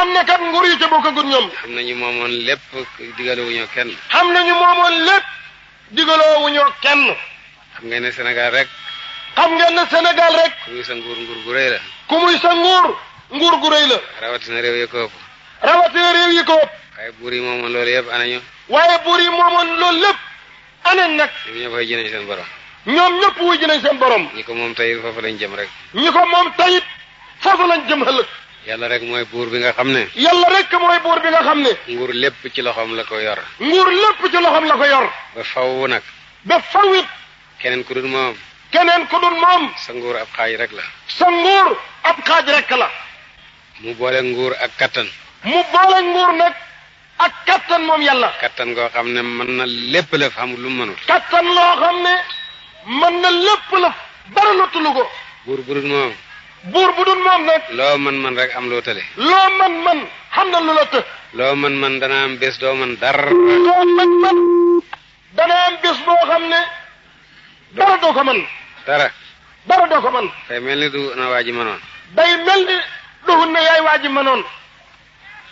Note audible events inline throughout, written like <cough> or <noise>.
am na kat nguur yi ca bokk ak ñoom. xam nañu moomoon lépp digaloo wu ñoo kenn. xam nañu moomoon lépp digaloo wu ñoo kenn. xam ngeen ne Sénégal rek. xam ngeen ne Sénégal rek. ku muy sa nguur nguur gu rëy la. sa nguur nguur gu rëy la. rawatina réew yi ko ëpp. rawatina réew yi ko ëpp. waaye buur yi moomoon loolu yëpp ana waaye buur yi moomoon loolu lépp ana nag. ñoom ñëpp wuyu ji nañ seen borom. ñoom ñëpp wuyu ji seen borom. ñi ko moom tey foofu lañ jëm rek. ñi ko moom tey foofu lañ jëm ëllëg yàlla rek mooy buur bi nga xam ne. yàlla rek mooy buur bi nga ne. nguur lépp ci loxoom la ko yor. nguur lépp ci loxoom la ko yor. ba faw nag. ba faw keneen ku moom. keneen ku dul moom. sa nguur ab xaaj rek la. sa nguur ab xaaj rek la. mu boole nguur ak kattan. mu boole nguur nag ak kattan moom yàlla. kattan goo xam ne mën na lépp lëf xamul lum mu mënul. kattan loo xam ne mën na lépp lëf. baralatu lu ko. buur bu moom. buur bu dul moom nag. loo man man rek am loo tële. loo man man xam na lu dana am bés doo man dara. loo man man dana am bés boo xam ne dara doo ko man dara. dara doo ko man day mel ni du na waa ji mënoon. day mel ni duhun na yaay waa ji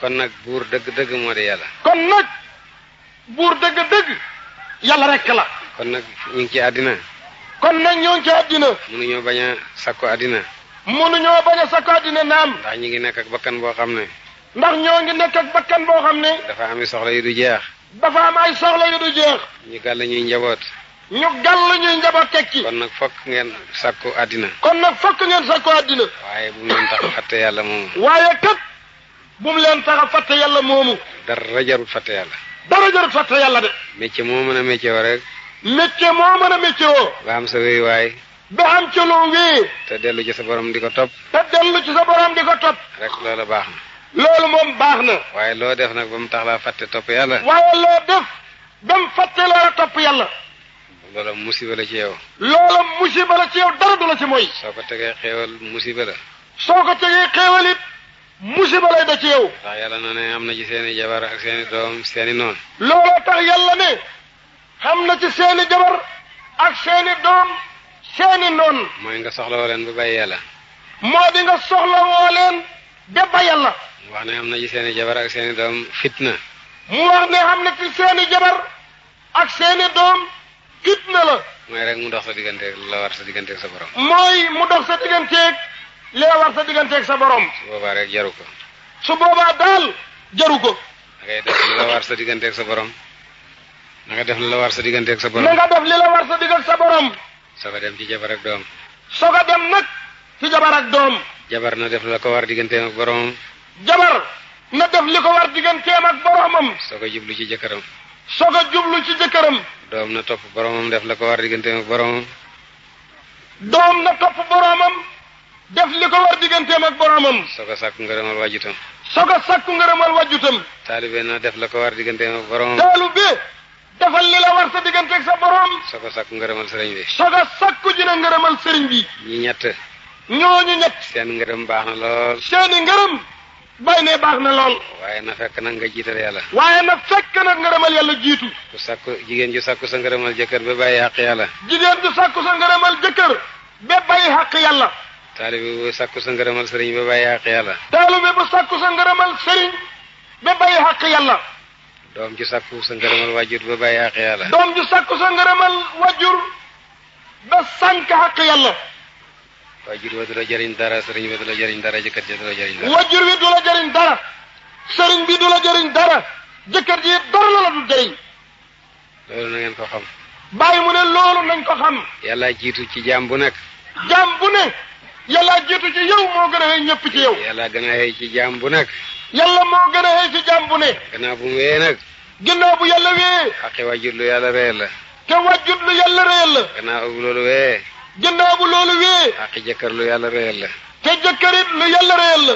kon nag buur dëgg-dëgg moo di yàlla. kon nag buur dëgg-dëgg yàlla rek la. kon nag ñu ci àddina. kon nag ñoo ngi ci àddina. mënuñoo bañ a sakku àddina. mënuñoo bañ a sakku àddina naam. ndax ñu ngi nekk ak bakkan boo xam ne. ndax ñoo ngi nekk ak bakkan boo xam ne. dafa am soxla yu du jeex. dafa am ay soxla yu du jeex. ñu gàll ñuy njaboot. ñu gàll ñuy njaboot teg ci. kon nag fokk ngeen sakku àddina. kon nag fokk ngeen sakku àddina. waaye bu leen tax a fàtte yàlla moomu. waaye kat bu mu leen tax a fàtte yàlla moomu. dara jarut fàtte yàlla. dara jarut de. métier moo mën a métier rek. métier moo mën a métier woo. nga sa wéyuwaay. ba am ca loo wee. te dellu ci sa borom di ko topp. te dellu ci sa borom di ko topp. rek loolu baax na. loolu moom baax na. waaye loo def nag ba mu tax laa fàtte topp yàlla. waaye loo def ba mu fàtte loola topp yàlla. loola musiba la ci yow. loola musiba la ci yow dara du la ci mooy. soo ko tegee xéewal musiba la. soo ko tegee xéewal it musiba lay da ci yow. ndax yàlla noon. looloo tax yàlla ne xam na ci seeni jabar ak seeni doom. seeni noonu. mooy nga soxla woo leen ba bàyyi yàlla. moo di nga soxla woo leen ba bàyyi yàlla. mu wax ne am na ci seeni jabar ak seeni doom fitna. mu wax ne xam ne ci seeni jabar ak seeni doom fitna la. mooy rek mu dox sa digganteeg la la war sa digganteeg sa borom. su boobaa rek jaru ko. su boobaa daal jaru ko. da ngay def li la war sa digganteeg sa borom. na def li la war sa digganteeg sa borom. na sa borom. soog a dem ci jabar ak doom. soog a dem nag ci jabar ak doom. jabar na def la ko war digganteem ak boromam. jabar na def li ko war digganteem ak boromam. soog a jublu ci jëkkëram. soog a jublu ci jëkkëram. doom na topp boromam def la ko war digganteem ak boromam. doom na topp boromam. def li ko war digganteem ak boromam. soog a sàkku ngërëmal wàjjutam. soog a sàkku ngërëmal wàjjutam. taalibe na def la ko war digganteem ak boromam. taalibe defal li la war sa digganteeg sa borom. soo ko sakku ngërëmal sëriñ bi. soo ko sakku dina ngërëmal sëriñ bi. ñi ñett. ñooñu ñett. seen ngërëm baax na lool. seeni ngërëm. bay ne baax na lool. waaye na fekk nag nga jiital yàlla. waaye na fekk nag ngërëmal yàlla jiitu. ku sakku jigéen ju sakku sa ngërëmal jëkkër ba bàyyi xaq yàlla. jigéen ju sakku sa ngërëmal jëkkër ba bàyyi xaq yàlla. taalibe bu sakku sa ngërëmal sëriñ ba bàyyi xaq yàlla. taalibe bu sakku sa ngërëmal sëriñ ba bàyyi xaq yàlla. doom ju sàkku sa ngërëmal wajur ba bàyyi àq yàlla. doom ju sàkku sa ngërëmal wajur ba sànq àq yàlla. wajur wa du la jëriñ dara sëriñ wi du la jëriñ dara sëriñ bi du la jëriñ dara jëkkër ji dara la la du jëriñ. loolu na ko xam. bàyyi mu ne loolu nañ ko xam. yàlla jiitu ci jaam bu nekk. jaam bu ne. yàlla jiitu ci yow moo gën a xëy ñëpp ci yow. yàlla gën a xëy ci jaam bu nekk. yàlla moo gën a xëy si jàmm bu ne. gannaaw bu mu wee nag. ginnaaw bu yàlla wee. xaqi wàjjut lu yàlla réyal la. te wàjjut lu yàlla réyal la. gannaaw bu loolu wee. ginnaaw bu loolu wee. xaqi jëkkër lu yàlla réyal la. te jëkkër it lu yàlla réyal la.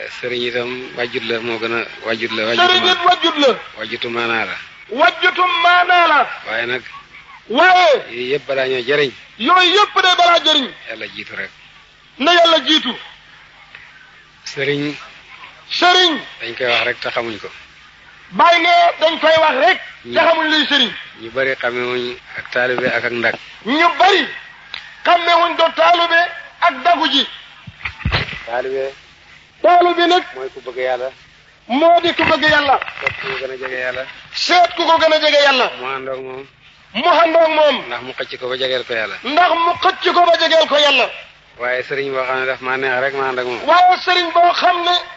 Eh, sëriñ itam wàjjut la moo gën a wàjjut la. sëriñ it wàjjut la. wàjjutu maanaa la. wàjjutu maanaa la. waaye nag. waaye. yii yëpp balaa ñoo jëriñ. yooyu yëpp de balaa jëriñ. yàlla jiitu rek. na yàlla jiitu. sëriñ. sëriñ. dañ koy wax rek te xamuñ ko. bàyyi ne dañ koy wax rek. te xamuñ luy sëriñ. ñu bari xamewuñ ak taalibe ak ak ndag. ñu bari xamewuñ do taalibe ak dagu ji. taalibe. taalibe nag. mooy ku bëgg yàlla. moo di ko gën yàlla. seet ku ko gën a jege yàlla. mu àndoog moom. mu àndoog moom. ndax mu xëcc ko ba jegeel ko yàlla. ndax mu xëcc ko waaye sëriñ boo xam ne daf maa neex rek ma ànd moom. waaye sëriñ boo xam ne.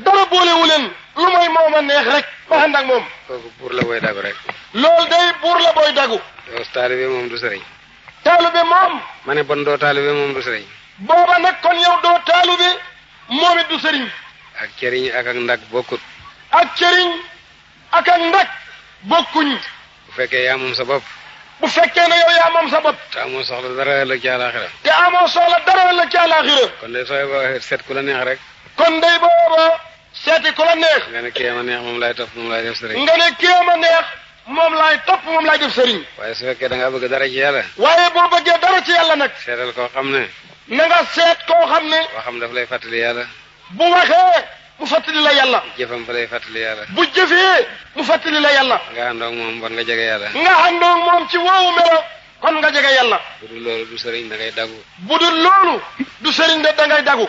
dara boolewu leen lu mooy moom a neex rek ba moom. buur la booy dagu rek. loolu day buur la booy dagu. yow taalibe moom du sëriñ. taalibe moom. ma ne bon doo taalibe moom du sëriñ. booba nag kon yow doo taalibe moom it du sëriñ. ak cëriñ ak ak ndag bokkut. ak cëriñ ak bokkuñ. bu fekkee yaa moom sa bopp. bu fekkee na yow yaa moom sa bopp. te amoo soxla dara ëllëg ci àllaaxira. te amoo soxla dara ëllëg ci kon de sooy boo seet ku la neex rek. kon day booba seeti ku la neex. nga ne kii ama neex moom laay topp moom laay def sëriñ. nga ne kii ama neex moom laay topp moom laay def sëriñ. waaye su fekkee da ngaa bëgg dara ci yàlla. waaye boo bëggee dara ci yàlla nag. seetal koo xam ne. na nga seet koo xam ne. waxam daf lay fàttali yàlla. bu waxee mu fàttali la lay fàttali yàlla. bu jëfee mu fàttali la nga àndoog moom bon nga jege yàlla. nga àndoog moom ci woowu melo. kon nga jege yàlla. budul loolu du sëriñ da ngay dagu. budul loolu du sëriñ da ngay dagu.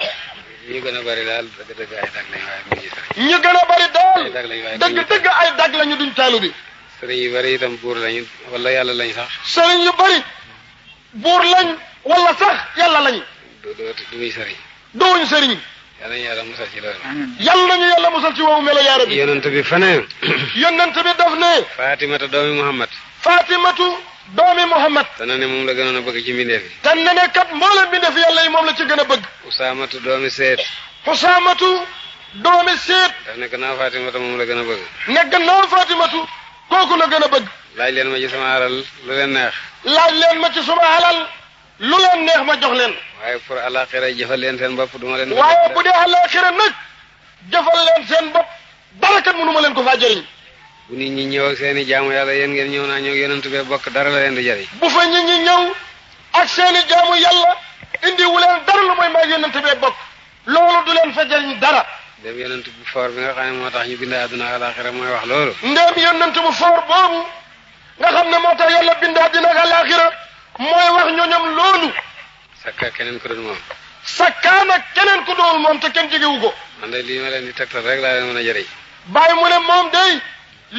ñu gën a bari daal dëgg-dëgg ay dag lañu waaye duñu sëriñ. ñi gën a bari daal dëgg-dëgg ay dag lañu duñ taalu bi. sëriñ yu bari itam buur lañu wala yàlla lañ sax. sëriñ yu bari buur lañ wala sax yàlla lañu. du du du muy yàlla ñu yàlla musal ci loolu. yàlla ñu yàlla musal ci woowu melo yaara bi. yonent bi fa ne. <clears throat> yonent bi daf ne. a bëgg ci mbindeef yi. te ne kat mboolem mbindeef yàlla moom la ci gën a bëgg. Usaamatu doomi Seet. Usaamatu doomi Seet. daf ne gannaaw Fatimatu moom la gën a bëgg. ne gannaaw Fatimatu kooku la gën a bëgg. laaj leen ma ci sama alal lu leen neex. laaj leen ma ci sama lu leen neex ma jox leen. waaye pour alaxira jëfal leen seen bopp du leen. waaye bu dee alaxira nag jëfal leen seen bopp barakat mënu ma leen ko fa jëriñ. bu nit ñi ñëw ak seen i jaamu yàlla yéen ngeen ñëw naa ñëw yonent bee bokk dara leen di jëriñ. bu fa nit ñi ñëw ak seen jaamu yàlla indi wu leen dara lu mooy maa yonent bee bokk loolu du leen fa jëriñ dara. ndéem yonent bu foor bi nga xam ne moo tax ñu bind àdduna ak alaxira mooy wax loolu. ndéem yonent bu foor boobu nga xam ne moo tax yàlla bind àdduna ak alaxira mooy wax ñooñam loolu. sakka keneen ku doon moom. sakka na keneen ku doon moom te kenn jegewu ko. man de lii ma leen tegtal rek laa leen mën a jëriñ. bàyyi mu ne moom day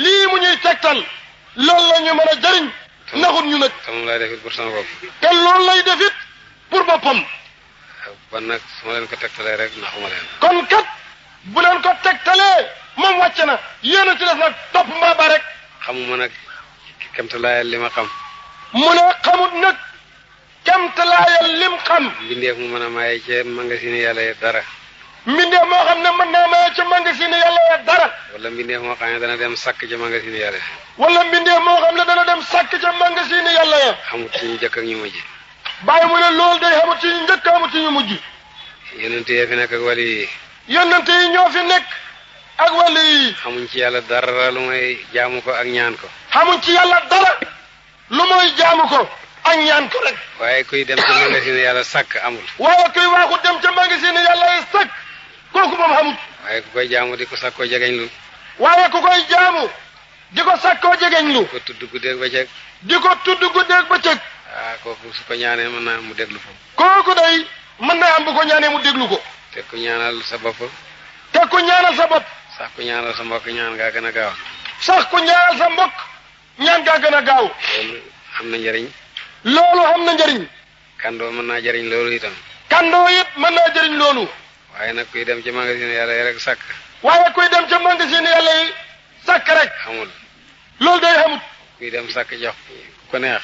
lii mu ñuy tegtal lool la ñu mën a jëriñ. naxut ñu nag. te moom lay defit pour sama bopp. te loolu lay defit pour boppam. ban nag ma leen ko tegtalee rek naxuma leen. kon kat bu leen ko tegtalee moom wàcc na yéen a ci def nag topp mbaa rek. xamuma nag kéemtalaayal lima ma xam. mu ne xamut nag kemtalaayal lim xam. mbindeef mu mën a maye ca magasin yàlla ya dara. mbindeef moo xam ne mën naa maye ca magasin yàlla ya dara. wala mbindeef moo xam ne dana dem sakk ca magasin yàlla ya. wala mbindeef moo xam dana dem sakk ca magasin yàlla ya. xamut ci ñu jëkk ak ñu mujj. bàyyi mu ne loolu day xamut ci ñu njëkk xamut ci ñu mujj. yonente yi fi nekk ak wàll yi. yonente yi ñoo fi nekk. ak wàll yi. xamuñ ci yàlla dara lu may jaamu ko ak ñaan ko. xamuñ ci yàlla dara. lu mooy jaamu ko ak ñaan ko rek. waaye kuy dem ca magasin yàlla sàkk amul. waaye kuy waaxu dem ca magasin yàlla sàkk kooku moom amul. waaye ku koy jaamu di ko sàkkoo jegeñ lu. waaye ku koy jaamu di ko sàkkoo jegeñ lu. ko tudd guddeeg bëccëg. di ko tudd guddeeg bëccëg. ah kooku su ko ñaanee mën naa mu déglu ko. kooku day mën naa am bu ko ñaanee mu déglu ko. te ku ñaanal sa bopp. te ku ñaanal sa bopp. sax ku ñaanal sa mbokk ñaan ngaa gën a gaaw. sax ku ñaanal ñaan gaa gën a gaaw. loolu am na njariñ. loolu am na njariñ. kandoo mën naa jariñ loolu itam. kandoo it mën naa jariñ loolu. waaye nag kuy dem ci magasin yàlla yi sàkk. waaye kuy dem ca magasin yàlla yi sàkk rek. amul loolu day amut. kuy dem sàkk jox ku neex.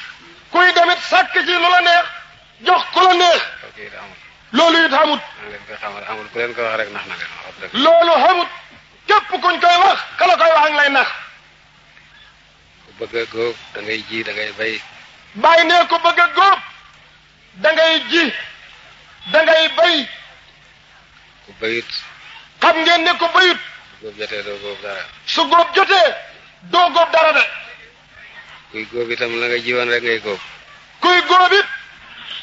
kuy demit sàkk ci lu neex jox ku la neex. loolu it amut. loolu amut. képp kuñ koy wax kala koy wax lay nax. bëgg a góob da ngay ji da ngay bay. bàyyi nee ko bëgg a góob da ngay ji bay. ku bayut. xam ngeen ne ku bayut. su góob jotee doo góob dara. su góob jotee de. kuy góob itam la nga jiwoon rek ngay góob. kuy góob it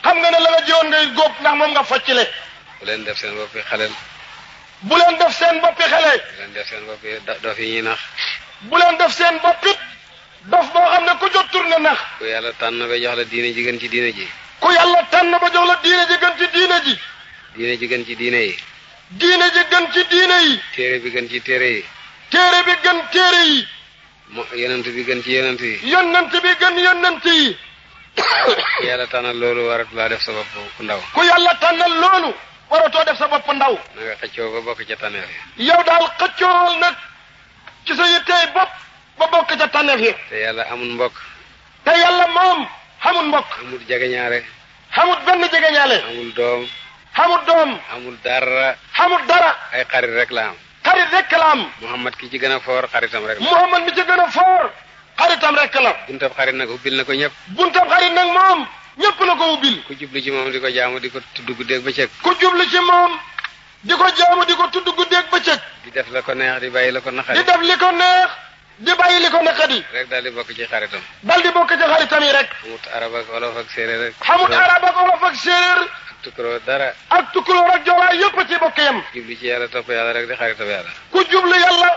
xam nga ne la nga jiwoon ngay góob ndax moom nga foccile. bu leen def seen boppi xalel. bu leen def seen boppi xale. bu leen nax. bu leen def seen bopp dof boo xam ne ku jot tur na nax. ku yàlla tànn ba jox la diine ji gën ci diine ji. ku yàlla tànn ba jox la diine ji gën ci diine ji. diine ji gën ci diine yi. diine ji gën téere bi gën ci téere yi. téere bi gën téere yi. mo yonent bi gën ci yonent yi. yonent bi gën yonent yi. ku yàlla tànnal loolu waratu laa def sa bopp ndaw. ku yàlla tànnal loolu. waratoo def sa bopp ndaw. na nga xëccoo ba bokk ca tànneef. yow daal xëccoo nag ci sa yitteey bopp. ba bokk ca tànneef yi te yàlla amul mbokk te yàlla moom xamul mbokk amul jegeñaale xamul benn jegeñaale amul doom xamul doom amul dara xamul dara ay xarit rek la am xarit rek la am Muhammad ki ci gën a foor xaritam rek Muhammad mi ci gën a foor xaritam rek la buntab xarit nag ubbil na ko ñëpp buntab xarit nag moom ñëpp la ko ubbil ku jublu ci moom di ko jaamu di ko tudd guddeeg bëccëg ku jublu ci moom di ko jaamu di ko tudd guddeeg bëccëg di def la ko neex di bàyyi la ko def li ko di bàyyi li ko naqadi. rek daal di bokk ci xaritam. dal di bokk ci xaritam yi rek. xamut arab ak olof ak séeréer rek. xamut arab ak olof ak séeréer. ak tukulóor dara. ak tukulóor ak joolaa yëpp ci bokk yam. jubli ci yàlla topp yàlla rek di xaritam yàlla. ku jublu yàlla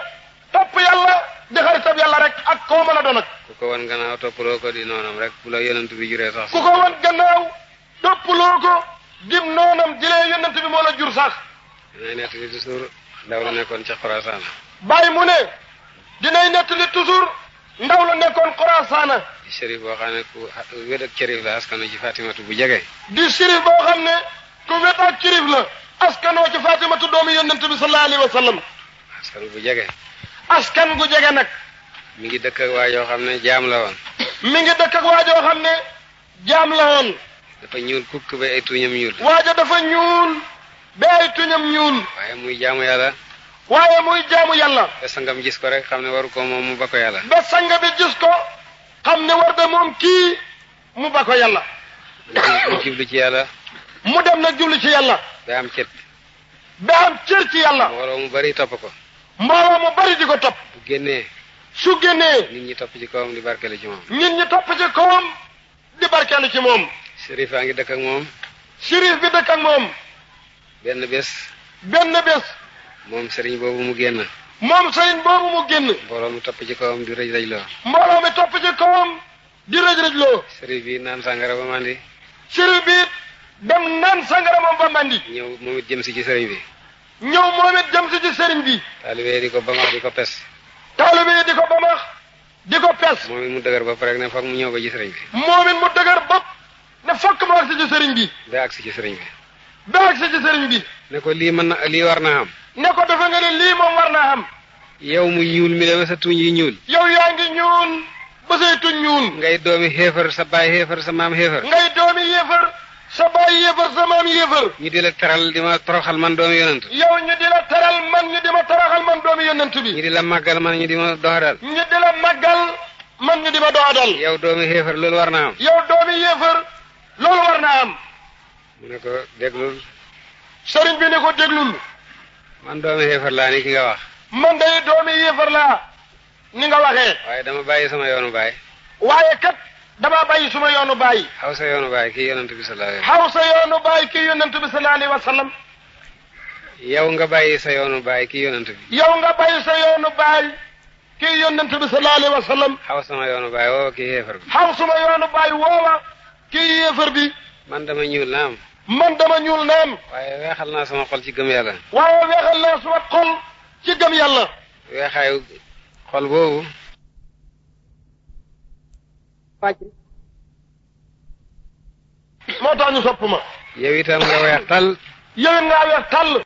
topp yàlla di xaritam yàlla rek ak koo mën a doon ak. ku ko wan gannaaw toppaloo ko di noonam rek bu la yonent bi juree sax. ku ko wan gannaaw toppaloo ko dim noonam di lee yonent bi moo la jur sax. dinaa nekk di toujours ndaw la nekkoon ca Xorasaan. bàyyi mu ne. dinay nettali toujours ndaw la nekkoon Xurasaana. di shérif boo xam ne ku wet ak shérif la askanoo ci Fatimatu bu jege. di shérif boo xam ne ku wet ak shérif la askanoo ci Fatimatu doomu yonent bi sallallahu alayhi askan bu jege. askan bu jege nag. mu ngi dëkk ak waa yoo xam ne jaam la woon. mi ngi dëkk ak waa yoo xam ne jaam la woon. dafa ñuul kukk ba ay tuñam ñuul. waaja dafa ñuul ba ay tuñam ñuul. waaye muy jaamu yàlla. waaye muy jaamu yàlla. ba sangam gis ko rek xam ne waru ko moom mu ba ko yàlla. ba sanga bi gis ko xam ne war da moom kii mu ba yàlla. mu jublu ci yàlla. mu dem nag jublu ci yàlla. ba am cër. ba am cër ci yàlla. mbooloo mu bari topp ko. mbooloo mu bari di ko topp. bu génnee. su génnee. nit ñi topp ci kawam di barkeelu ci moom. nit ñi topp ci kawam di barkeelu ci moom. Sérif a ngi dëkk ak moom. Sérif bi dëkk ak moom. benn bés. benn bés. moom sëriñ boobu mu génn. moom sëriñ boobu mu génn. mbooloo mi topp ci kawam di rëj rëj loo. mbooloo mi topp ci kawam di rëj rëj loo. sëriñ bi naan sàngara ba mandi. sëriñ bi dem naan sàngara moom ba mandi. ñëw moom it jëm si ci sëriñ bi. ñëw moom it jëm ci sëriñ bi. taalibe di ko bamax di ko pes. taalibe di ko bamax di ko pes. moom it mu dëgër bopp rek ne foog mu ñëw ba ci sëriñ bi. moom it mu dëgër bopp ne fokk mu agsi ci sëriñ bi. ba agsi ci sëriñ bi. ba agsi ci mën na lii war naa am. ne ko dafa nga ne lii moom war am. yow mu ñuul mi la ba sa tuñ yi ñuul. yow yaa ngi ñuul ba say tuñ ñuul. ngay doomi xeefar sa baay xeefar sa maam xeefar. ngay doomi yéefar sa baay yéefar sa maam yéefar. ñu di la taral di ma toroxal man doomi yonent. yow ñu di la taral man ñu di ma toroxal man doomi yonent bi. ñu di la màggal man ñu di ma doxadal. ñu di la màggal man ñu di ma doxadal. yow doomi xeefar loolu war naa am. yow doomi yéefar loolu war naa am. mu man doomi yéefar laa ni ki nga wax. man day doomi yéefar laa ni nga waxee. waaye dama bàyyi sama yoonu baay. waaye kat dama bàyyi suma yoonu baay. xaw sa yoonu baay kii yonent bi sallallahu alayhi wa sallam. sa yoonu bi sallallahu alayhi wa yow nga bàyyi sa yoonu baay kii yonent bi. yow nga bàyyi sa yoonu baay kii yonent bi sallallahu alayhi wa sallam. xaw sama yoonu baay woowa kii yéefar bi. xaw suma yoonu baay woowa kii yéefar bi. man dama ñuul naam. man dama ñuul naan. waaye weexal naa sama xol ci gëm yàlla. waaye weexal naa sama xol ci gëm yàlla. weexaayu xol boobu. moo tax ñu sopp ma. yow itam nga weex tàll. yow it weex tàll.